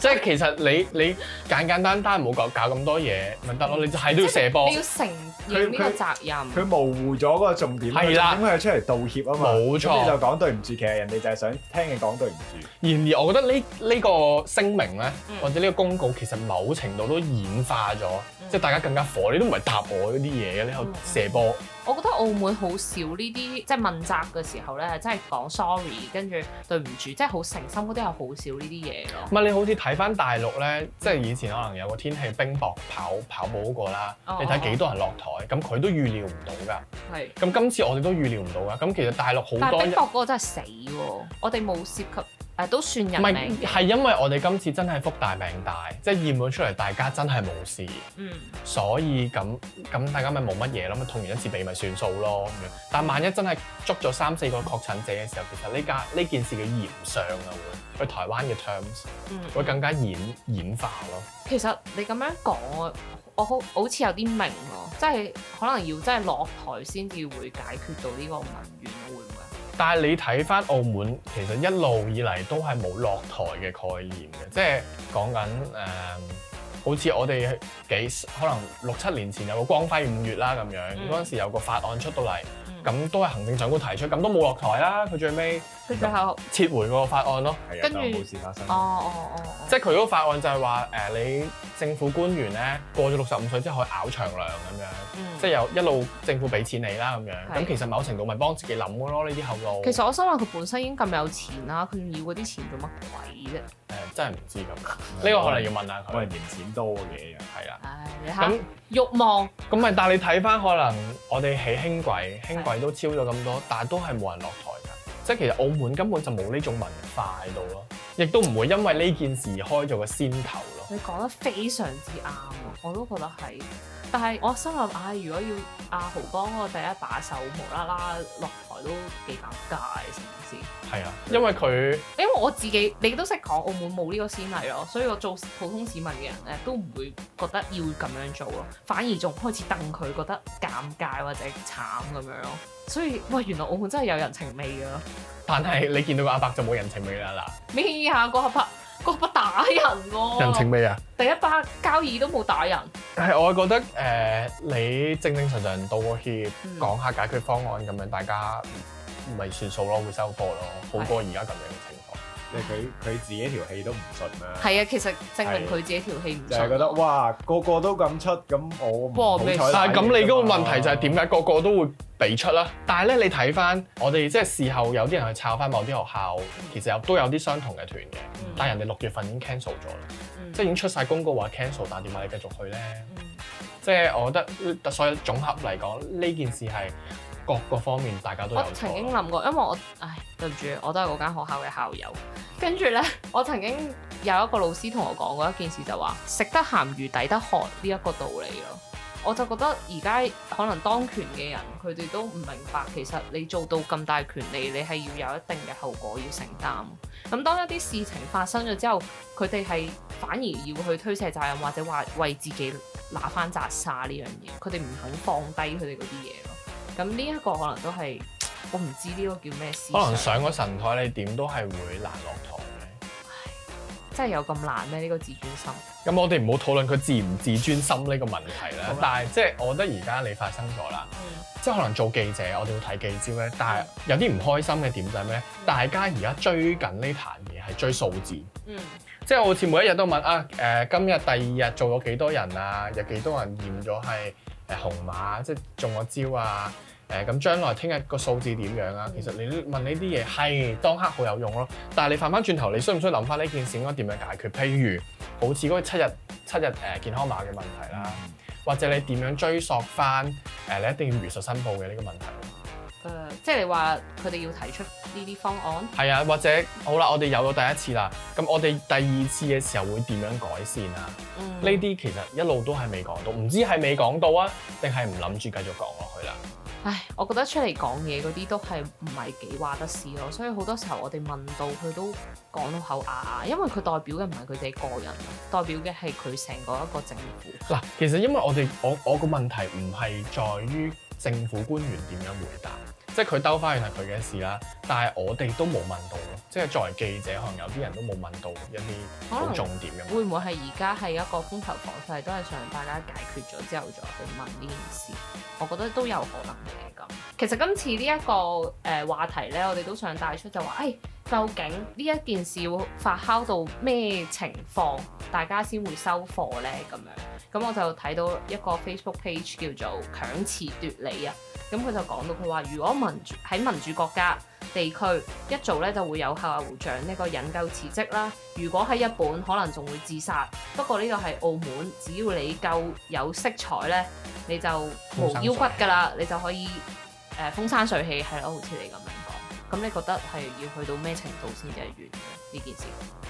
即係其實你你簡簡單單冇搞搞咁多嘢咪得咯，嗯、你就喺度射波。你要承認呢個責任。佢模糊咗個重點。係啦的，咁佢出嚟道歉啊嘛。冇錯。你就講對唔住，其實人哋就係想聽你講對唔住。然而我覺得呢呢、呢個聲明咧，嗯、或者呢個公告，其實某程度都演化咗，嗯、即係大家更加火。你都唔係答我嗰啲嘢嘅，你、嗯、喺度射波。我覺得澳門好少呢啲即係問責嘅時候咧，真係講 sorry，跟住對唔住，即係好誠心嗰啲係好少呢啲嘢咯。唔係你好似睇翻大陸咧，即係以前可能有個天氣冰雹跑跑步嗰個啦，嗯、你睇幾多人落台，咁佢都預料唔到㗎。係。咁今次我哋都預料唔到㗎。咁其實大陸好多人。但係冰雹嗰個真係死喎！我哋冇涉及，都算人命，唔係，係因為我哋今次真係福大命大，即係驗咗出嚟，大家真係冇事，嗯，所以咁咁大家咪冇乜嘢咯，咪痛完一次鼻咪算數咯咁樣，但萬一真係捉咗三四個確診者嘅時候，其實呢家呢件事嘅炎上啊，會去台灣嘅 terms，、嗯、會更加演演化咯。其實你咁樣講我好我好似有啲明咯，即係可能要真係落台先至會解決到呢個民怨但係你睇翻澳門，其實一路以嚟都係冇落台嘅概念嘅，即係講緊誒，好似我哋幾可能六七年前有個光輝五月啦咁樣，嗰陣、嗯、時有個法案出到嚟。咁都係行政長官提出，咁都冇落台啦。佢最尾佢最後撤回個法案咯。跟住，就冇事發生，哦哦哦，哦即係佢嗰個法案就係話誒，你政府官員咧過咗六十五歲之後咬長糧咁樣，嗯、即係由一路政府俾錢你啦咁樣。咁、嗯、其實某程度咪幫自己諗嘅咯呢啲後路。其實我心話佢本身已經咁有錢啦，佢仲要嗰啲錢做乜鬼啫？誒真係唔知咁，呢、嗯、個可能要問下佢。可能們他嫌錢多嘅，係啊。咁、哎、那欲望，咁咪但係你睇翻，可能我哋喺輕軌，輕軌都超咗咁多，但係都係冇人落台㗎。即係其實澳門根本就冇呢種文化喺度咯，亦都唔會因為呢件事而開咗個先頭。你講得非常之啱啊！我都覺得係，但係我心諗，唉、哎，如果要阿、啊、豪幫我第一把手無啦啦落台都幾尷尬先。係啊，因為佢因為我自己，你都識講澳門冇呢個先例咯，所以我做普通市民嘅人咧都唔會覺得要咁樣做咯，反而仲開始瞪佢，覺得尷尬或者慘咁樣咯。所以喂，原來澳門真係有人情味嘅咯。但係你見到個阿伯就冇人情味啦嗱，咩下個合拍？嗰把打人喎、啊，人情味啊！第一把交椅都冇打人，但係、哎、我覺得誒、呃，你正正常常道歉，講、嗯、下解決方案咁樣，大家唔咪算數咯，會收貨咯，好過而家咁樣嘅情即佢佢自己條氣都唔順啦。係啊，其實證明佢自己條氣唔順。即係覺得哇，個個都咁出，咁我不過好彩？但係咁你個問題就係點解個個都會俾出啦？但係咧，你睇翻我哋即係事後有啲人去抄翻某啲學校，其實有都有啲相同嘅團嘅。但係人哋六月份已經 cancel 咗啦，即係已經出晒公告話 cancel，但係點解你繼續去咧？嗯、即係我覺得，所以總合嚟講，呢件事係。各個方面大家都有錯。我曾經諗過，因為我唉對唔住，我都係嗰間學校嘅校友。跟住咧，我曾經有一個老師同我講過一件事就，就話食得鹹魚抵得渴呢一個道理咯。我就覺得而家可能當權嘅人佢哋都唔明白，其實你做到咁大權利，你係要有一定嘅後果要承擔。咁當一啲事情發生咗之後，佢哋係反而要去推卸責任，或者話為自己拿翻扎沙呢樣嘢，佢哋唔肯放低佢哋嗰啲嘢。咁呢一個可能都係我唔知呢個叫咩事。可能上咗神台你點都係會難落台嘅，真係有咁難咩？呢個自尊心。咁我哋唔好討論佢自唔自尊心呢個問題啦。了但係即係我覺得而家你發生咗啦，嗯、即係可能做記者我哋會睇記招咧，但係有啲唔開心嘅點就係咩？嗯、大家而家追緊呢壇嘢係追數字，嗯、即係好似每一日都問啊誒、呃，今日第二日做咗幾多人啊？有幾多人驗咗係？紅碼即係中個招啊！誒、呃、咁將來聽日個數字點樣啊？其實你問呢啲嘢係當刻好有用咯。但係你翻翻轉頭，你需唔需要諗翻呢件事應該點樣解決？譬如好似嗰個七日七日誒健康碼嘅問題啦，或者你點樣追溯翻誒、呃、你一定要如實申報嘅呢個問題？誒，嗯、即係你話佢哋要提出呢啲方案，係啊， 或者好啦，我哋有咗第一次啦，咁我哋第二次嘅時候會點樣改善啊？嗯，呢啲其實一路都係未講到，唔知係未講到啊，定係唔諗住繼續講落去啦？ 唉，我覺得出嚟講嘢嗰啲都係唔係幾話得事咯，所以好多時候我哋問到佢都講到口啞啞，因為佢代表嘅唔係佢哋個人，代表嘅係佢成個一個政府。嗱，其實因為我哋我我個問題唔係在於。政府官員點樣回答，即係佢兜翻去係佢嘅事啦。但係我哋都冇問到咯，即係作為記者，可能有啲人都冇問到一啲重點嘅。會唔會係而家係一個風頭火勢，都係想大家解決咗之後再去問呢件事？我覺得都有可能嘅咁。其實今次呢一個誒話題呢，我哋都想帶出就話，誒、哎、究竟呢一件事會發酵到咩情況，大家先會收貨呢？」咁樣。咁我就睇到一個 Facebook page 叫做強詞奪理啊，咁佢就講到佢話，如果民主喺民主國家地區一做呢，就會有校長呢個引咎辭職啦，如果喺日本可能仲會自殺，不過呢個係澳門，只要你夠有色彩呢，你就無腰骨噶啦，你就可以誒、呃、風生水起係咯，好似你咁樣。咁你覺得係要去到咩程度先係完呢件事？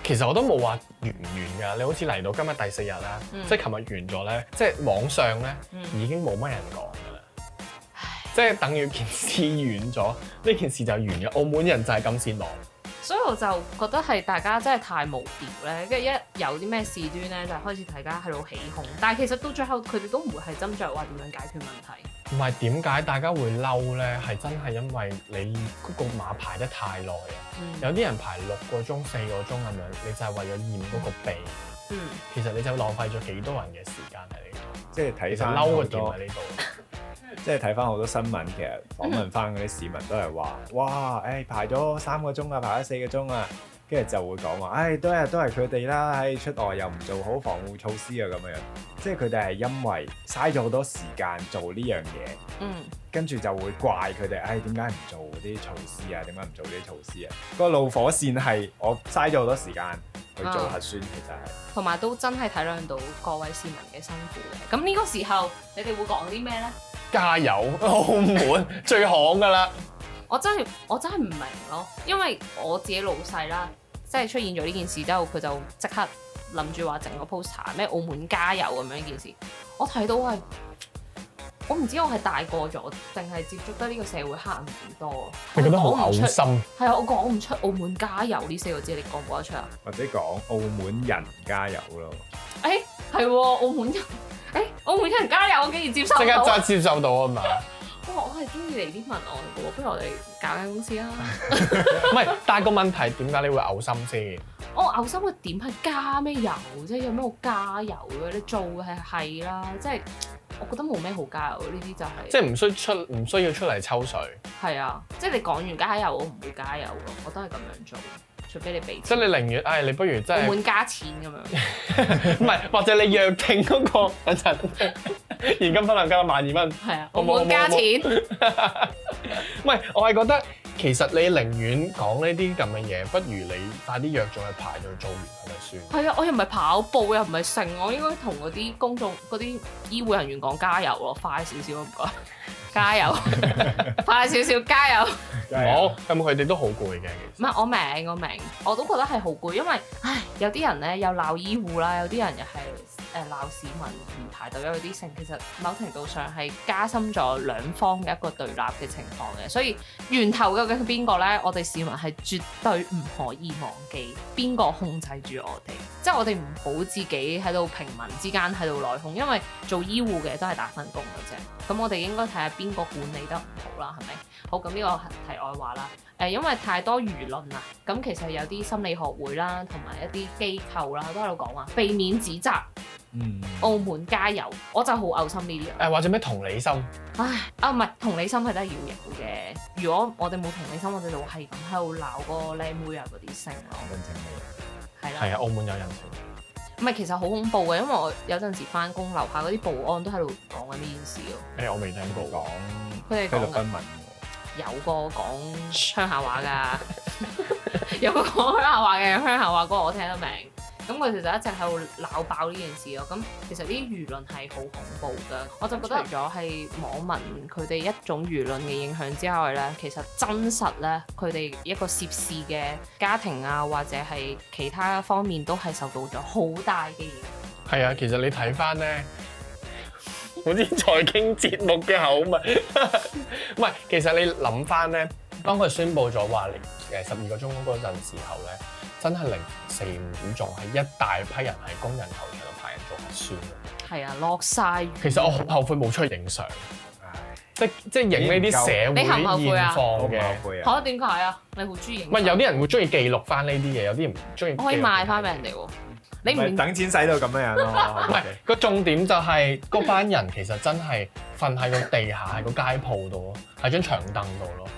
其實我都冇話完唔完㗎，你好似嚟到今日第四日啦，嗯，即係琴日完咗咧，即係網上咧，嗯、已經冇乜人講㗎啦，唉 即係等於件事完咗，呢 件事就完㗎，澳門人就係咁先落。所以我就覺得係大家真係太無聊咧，跟住一有啲咩事端咧，就開始大家喺度起哄。但係其實到最後佢哋都唔會係斟酌話點樣解決問題。唔係點解大家會嬲咧？係真係因為你嗰個碼排得太耐啊！嗯、有啲人排六個鐘、四個鐘咁樣，你就係為咗驗嗰個鼻。嗯，其實你就浪費咗幾多人嘅時間喺呢度。即係睇，嬲嘅點喺呢度？ 即係睇翻好多新聞，其實訪問翻嗰啲市民都係話，哇，誒排咗三個鐘啊，排咗四個鐘啊，跟住就會講話，誒、哎、都係都係佢哋啦，誒、哎、出外又唔做好防護措施啊，咁樣樣，即係佢哋係因為嘥咗好多時間做呢樣嘢，嗯，跟住就會怪佢哋，唉、哎，點解唔做啲措施啊？點解唔做啲措施啊？個怒火線係我嘥咗好多時間去做核酸，嗯、其實係同埋都真係體諒到各位市民嘅辛苦嘅。咁呢個時候你哋會講啲咩咧？加油，澳門 最行噶啦！我真係我真係唔明咯，因為我自己老細啦，即係出現咗呢件事之後，佢就即刻諗住話整個 poster 咩澳門加油咁樣一件事，我睇到係我唔知我係大個咗，定係接觸得呢個社會黑暗面多，佢你覺得好嘔心？係啊，我講唔出澳門加油呢四個字，你講唔講得出啊？或者講澳門人加油咯？誒、欸，係喎、哦，澳門人。誒、欸，我唔會加油，我竟然接受即刻即刻接受到啊嘛！哇、 哦，我係中意嚟啲文案噶喎，不如我哋搞間公司啦。唔 係， 但係個問題點解你會嘔心先？心啊就是、我嘔心嘅點係加咩油啫？有咩好加油嘅？你做嘅係係啦，即係我覺得冇咩好加油呢啲就係。即係唔需出，唔需要出嚟抽水。係啊，即、就、係、是、你講完加油，我唔會加油咯，我都係咁樣做。除非你，你寧願，哎，你不如真係唔滿加錢咁樣，唔係， 或者你約定嗰、嗰個等陣 現金分兩間萬二蚊，係啊，我冇加錢，唔係， 我係覺得。其實你寧願講呢啲咁嘅嘢，不如你快啲藥仲去排隊做完係咪算？係啊，我又唔係跑步，又唔係成。我應該同嗰啲公眾、嗰啲醫護人員講加油咯，快少少唔該，加油， 快少少加油。好油，咁佢哋都好攰嘅。唔係，我明我明，我都覺得係好攰，因為唉，有啲人咧又鬧醫護啦，有啲人又係。誒鬧市民唔排隊有啲性，其實某程度上係加深咗兩方嘅一個對立嘅情況嘅，所以源頭究竟係邊個呢？我哋市民係絕對唔可以忘記邊個控制住我哋，即係我哋唔好自己喺度平民之間喺度內訌，因為做醫護嘅都係打份工嘅啫。咁我哋應該睇下邊個管理得唔好啦，係咪？好，咁呢個題外話啦。誒，因為太多輿論啦，咁其實有啲心理學會啦，同埋一啲機構啦，都喺度講話，避免指責。嗯。澳門加油，我就好嘔心呢啲人。誒，或者咩同理心？唉，啊唔係，同理心係都係要有嘅。如果我哋冇同理心，我哋就係咁喺度鬧個靚妹啊嗰啲聲咯。人情味啊。係啦的。係啊，澳門有人情。唔係，其實好恐怖嘅，因為我有陣時翻工樓下嗰啲保安都喺度講緊呢件事咯。誒、欸，我未聽過講。佢哋有個講鄉下話㗎， 有個講鄉下話嘅鄉下話歌，我聽得明。咁佢其實一直喺度鬧爆呢件事咯。咁其實呢啲輿論係好恐怖㗎。我就覺得除咗係網民佢哋一種輿論嘅影響之外咧，其實真實咧，佢哋一個涉事嘅家庭啊，或者係其他方面都係受到咗好大嘅影響。係啊，其實你睇翻咧。我啲財經節目嘅口吻，唔 係其實你諗翻咧，當佢宣佈咗話誒十二個鐘嗰陣時候咧，真係零四五仲係一大批人喺工人球場度派人做核酸嘅。係啊，落晒。其實我好後悔冇出去影相唉，即即影呢啲社會現況嘅。你後悔啊？好，後點解啊？你好中意影？唔係，有啲人會中意記錄翻呢啲嘢，有啲人唔中意。我可以賣翻俾人哋喎。你咪等錢使到咁嘅樣咯，唔係個重點就係、是、嗰班人其實真係瞓喺個地下喺個 街鋪度咯，喺張長凳度咯，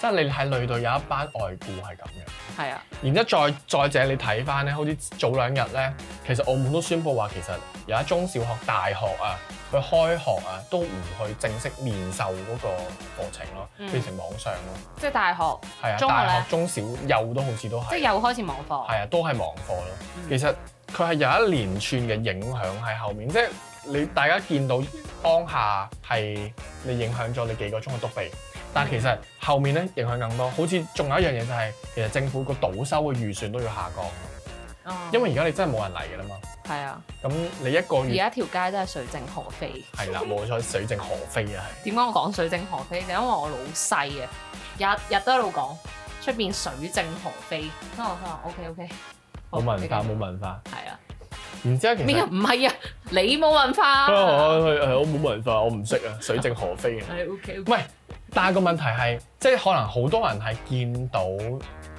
即係你喺累到有一班外僱係咁嘅，係啊，然之後再再者你睇翻咧，好似早兩日咧，其實澳門都宣布話其實有一中小學、大學啊，佢開學啊都唔去正式面授嗰個課程咯，變成、嗯、網上咯，即係大學係啊，中學，大學中小幼都好似都係，即係又開始網課，係啊，都係網課咯，嗯、其實。佢係有一連串嘅影響喺後面，即係你大家見到當下係你影響咗你幾個鐘嘅督幣，但係其實後面咧影響更多，好似仲有一樣嘢就係、是、其實政府個倒收嘅預算都要下降，嗯、因為而家你真係冇人嚟㗎嘛。係啊，咁你一個月而家條街真係水靜河飛。係啦，冇錯水， 水靜河飛啊。點解我講水靜河飛就因為我老細啊，日日，日都喺度講出邊水靜河飛，哦，以 OK OK, OK.。冇文化，冇、嗯、文化，係啊吧，唔知啊，其實唔係啊，你冇文、啊啊啊啊、文化，我冇文化，我唔識啊，水靜河飛啊，係 OK，唔、okay，係，但係個問題係，即、就、係、是、可能好多人係見到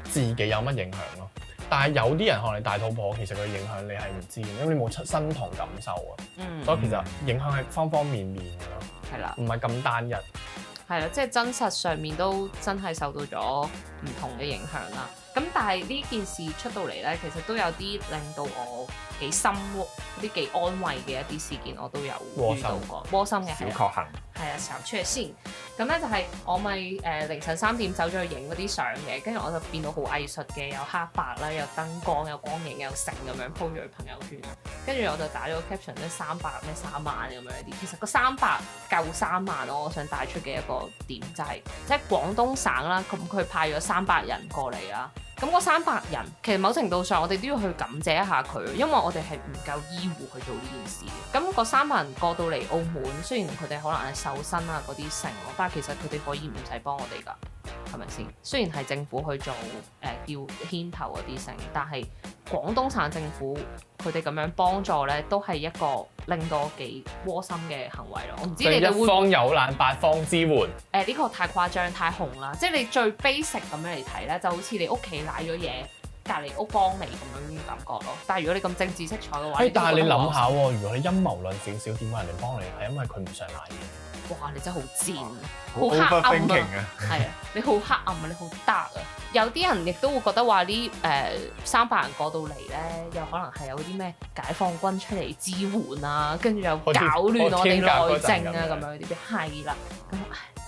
自己有乜影響咯，但係有啲人可能大肚婆，其實佢影響你係唔知嘅，因為你冇出身同感受啊，嗯，所以其實影響係方方面面嘅咯，係啦吧，唔係咁單一，係啦，即係真實上面都真係受到咗唔同嘅影響啦。咁但係呢件事出到嚟咧，其實都有啲令到我幾深嗰啲幾安慰嘅一啲事件，我都有遇到過窩心嘅小確幸，係啊，時候出嚟先咁咧，就係我咪誒、呃、凌晨三點走咗去影嗰啲相嘅，跟住我就變到好藝術嘅，有黑白啦，有燈光，有光影，有成咁樣 po 咗去朋友圈，跟住我就打咗個 caption 咧三百咩三萬咁樣一啲，其實個三百夠三萬咯。我想帶出嘅一個點就係、是、即係廣東省啦，咁佢派咗三百人過嚟啦。咁嗰三百人，其實某程度上我哋都要去感謝一下佢，因為我哋係唔夠醫護去做呢件事。咁嗰三百人過到嚟澳門，雖然佢哋可能係受薪啊嗰啲剩，但係其實佢哋可以唔使幫我哋㗎，係咪先？雖然係政府去做誒、呃、叫牽頭嗰啲剩，但係。廣東省政府佢哋咁樣幫助呢，都係一個令到幾窩心嘅行為咯。我唔知你會一方有難，八方支援。誒呢、呃呢個太誇張，太紅啦！即係你最 basic 咁樣嚟睇呢，就好似你屋企賴咗嘢。隔籬屋幫你咁樣感覺咯，但係如果你咁政治色彩嘅話，hey, 你但係你諗下喎，如果你陰謀論少少，點解人哋幫你？係因為佢唔想買嘢。哇！你真係好賤，好哇黑暗啊！係啊，你好黑暗啊，你好得啊！有啲人亦都會覺得話呢誒三百人過到嚟咧，又可能係有啲咩解放軍出嚟支援啊，跟住又搞亂我哋內政啊，咁、哦、樣嗰啲係啦。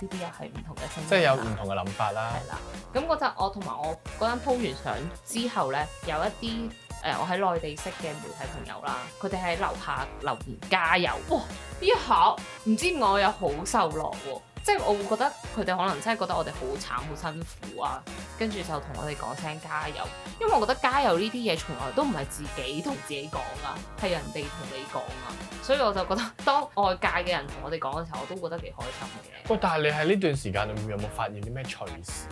呢啲又係唔同嘅風格，即係有唔同嘅諗法啦。係啦，咁嗰陣我同埋我嗰陣 po 完相之後咧，有一啲誒、呃、我喺內地識嘅媒體朋友啦，佢哋喺樓下留言加油，哇！呢下唔知我又好受落喎、啊。即係我會覺得佢哋可能真係覺得我哋好慘好辛苦啊，跟住就同我哋講聲加油。因為我覺得加油呢啲嘢從來都唔係自己同自己講啊，係人哋同你講啊。所以我就覺得當外界嘅人同我哋講嘅時候，我都覺得幾開心嘅。喂，但係你喺呢段時間裏面有冇發現啲咩趣事？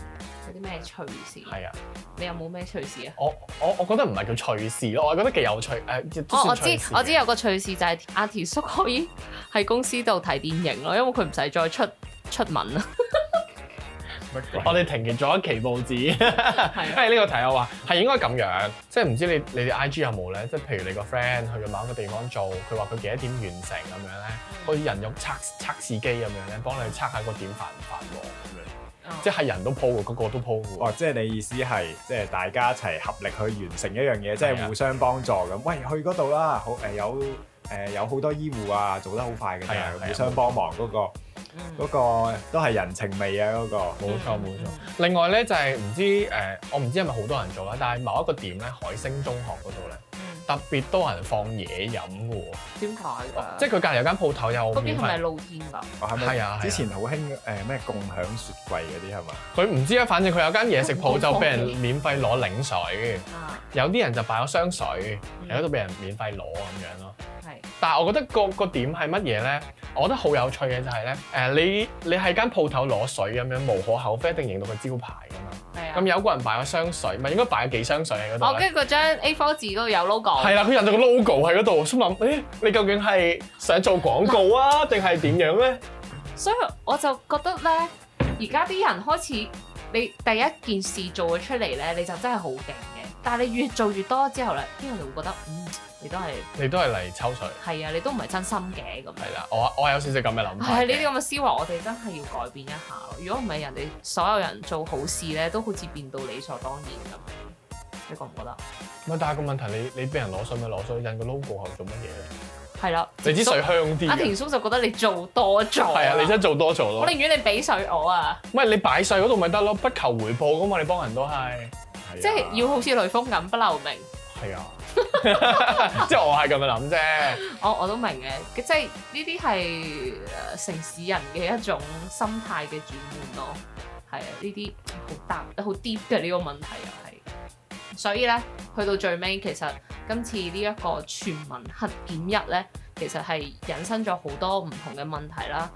有啲咩趣事？係啊，你有冇咩趣事啊？我我我覺得唔係叫趣事咯，我係覺得幾有趣誒、呃哦！我知我知有個趣事就係、是、阿田叔可以喺公司度睇電影咯，因為佢唔使再出。出文啊， 我哋停期咗一期報紙、 啊，係呢個題我話係應該咁樣，即係唔知你你啲 I G 有冇咧？即係譬如你個 friend 去咗某一個地方做，佢話佢幾多點完成咁樣咧？可以、嗯、人肉測測試機咁樣咧，幫你去測下個點煩唔煩喎？咁樣、嗯、即係人都 po 嘅，個、個個都 po 嘅哦，即係你意思係即係大家一齊合力去完成一樣嘢，即係、啊、互相幫助咁。喂，去嗰度啦！好誒、呃、有。誒有好多醫護啊，做得好快嘅，係啊，互相幫忙嗰個，嗰個都係人情味啊嗰個。冇錯冇錯。另外咧就係唔知誒，我唔知係咪好多人做啦，但係某一個點咧，海星中學嗰度咧特別多人放嘢飲嘅喎。點解？即係佢隔離有間鋪頭又。嗰邊係咪露天㗎？係啊，之前好興誒咩共享雪櫃嗰啲係嘛？佢唔知啊，反正佢有間嘢食鋪就俾人免費攞檸水，有啲人就擺咗箱水喺度俾人免費攞咁樣咯。但係我覺得個個點係乜嘢咧？我覺得好有趣嘅就係、是、咧，誒、呃、你你喺間鋪頭攞水咁樣無可厚非，一定認到個招牌嘅嘛。係啊的。咁有個人擺個箱水，唔係應該擺咗幾箱水喺嗰度。我跟住嗰張 A4 字都有 logo。係啦，佢印咗個 logo 喺嗰度，心諗誒，你究竟係想做廣告啊，定係點樣咧？所以我就覺得咧，而家啲人開始，你第一件事做咗出嚟咧，你就真係好勁。但係你越做越多之後咧，啲人就會覺得，嗯，你都係你都係嚟抽水，係啊，你都唔係真心嘅咁。係啦，我我有少少咁嘅諗法。係呢啲咁嘅思維，我哋真係要改變一下。如果唔係，人哋所有人做好事咧，都好似變到理所當然咁。你覺唔覺得？唔係，但係個問題，你你俾人攞水咪攞水印個 logo 後做乜嘢咧？係啦，你知水香啲。阿婷叔就覺得你做多做，係啊，你真做多做咯。我寧願你俾水我啊。唔係你擺晒嗰度咪得咯？不求回報噶嘛，你幫人都係。即係要好似雷鋒咁不留名，係啊， 即係 我係咁樣諗啫。我我都明嘅，即係呢啲係城市人嘅一種心態嘅轉變咯。係啊，呢啲好答好 deep 嘅呢個問題又係。所以咧，去到最尾，其實今次呢一個全民核檢日咧，其實係引申咗好多唔同嘅問題啦。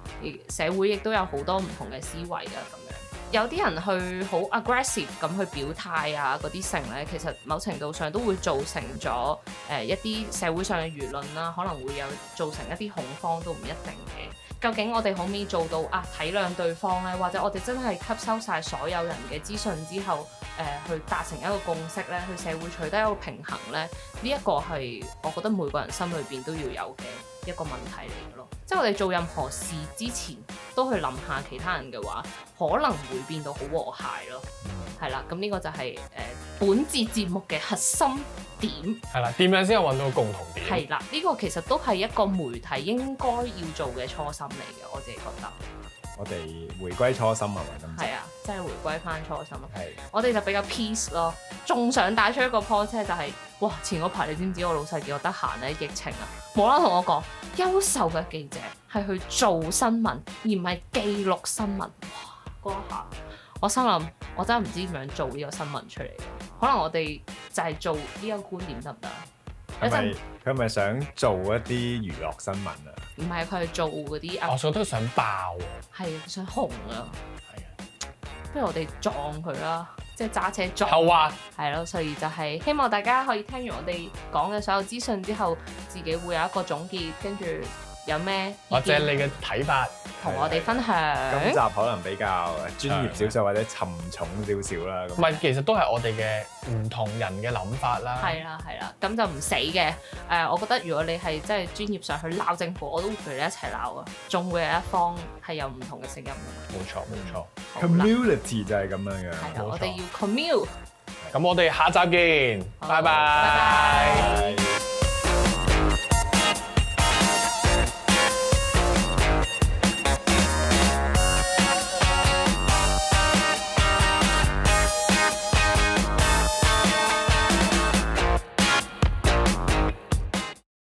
社會亦都有好多唔同嘅思維啊，咁樣。有啲人去好 aggressive 咁去表態啊，嗰啲成咧，其實某程度上都會造成咗誒、呃、一啲社會上嘅輿論啦、啊，可能會有造成一啲恐慌都唔一定嘅。究竟我哋可唔可以做到啊體諒對方咧？或者我哋真係吸收晒所有人嘅資訊之後誒、呃、去達成一個共識咧，去社會取得一個平衡咧？呢、這、一個係我覺得每個人心裏邊都要有嘅。一個問題嚟嘅咯，即係我哋做任何事之前都去諗下其他人嘅話，可能會變到好和諧咯。係啦、mm，咁、hmm. 呢個就係、是、誒、呃、本節節目嘅核心點。係啦，點樣先有搵到共同點？係啦，呢、這個其實都係一個媒體應該要做嘅初心嚟嘅，我自己覺得。我哋回歸初心係咪咁？是真係回歸翻初心啊！是我哋就比較 peace 咯。仲想帶出一個 point，就係、是、哇！前嗰排你知唔知我老細幾多得閒咧？疫情啊，冇啦同我講，優秀嘅記者係去做新聞，而唔係記錄新聞。哇！嗰下我心諗，我真係唔知點樣做呢個新聞出嚟。可能我哋就係做呢個觀點得唔得？佢係咪佢係咪想做一啲娛樂新聞啊？唔係佢係做嗰啲、啊。我想都想爆、啊，係想紅啊！不如我哋撞佢啦，即係揸車撞，係咯滑，所以就係希望大家可以聽完我哋講嘅所有資訊之後，自己會有一個總結，跟住。有咩或者你嘅睇法同我哋分享？今集可能比較專業少少或者沉重少少啦。唔係，其實都係我哋嘅唔同人嘅諗法啦。係啦，係啦，咁就唔死嘅。誒，我覺得如果你係真係專業上去鬧政府，我都會陪你一齊鬧啊。仲會有一方係有唔同嘅聲音。冇錯，冇錯。Community 就係咁樣樣。係我哋要 commute。咁我哋下集見，拜拜。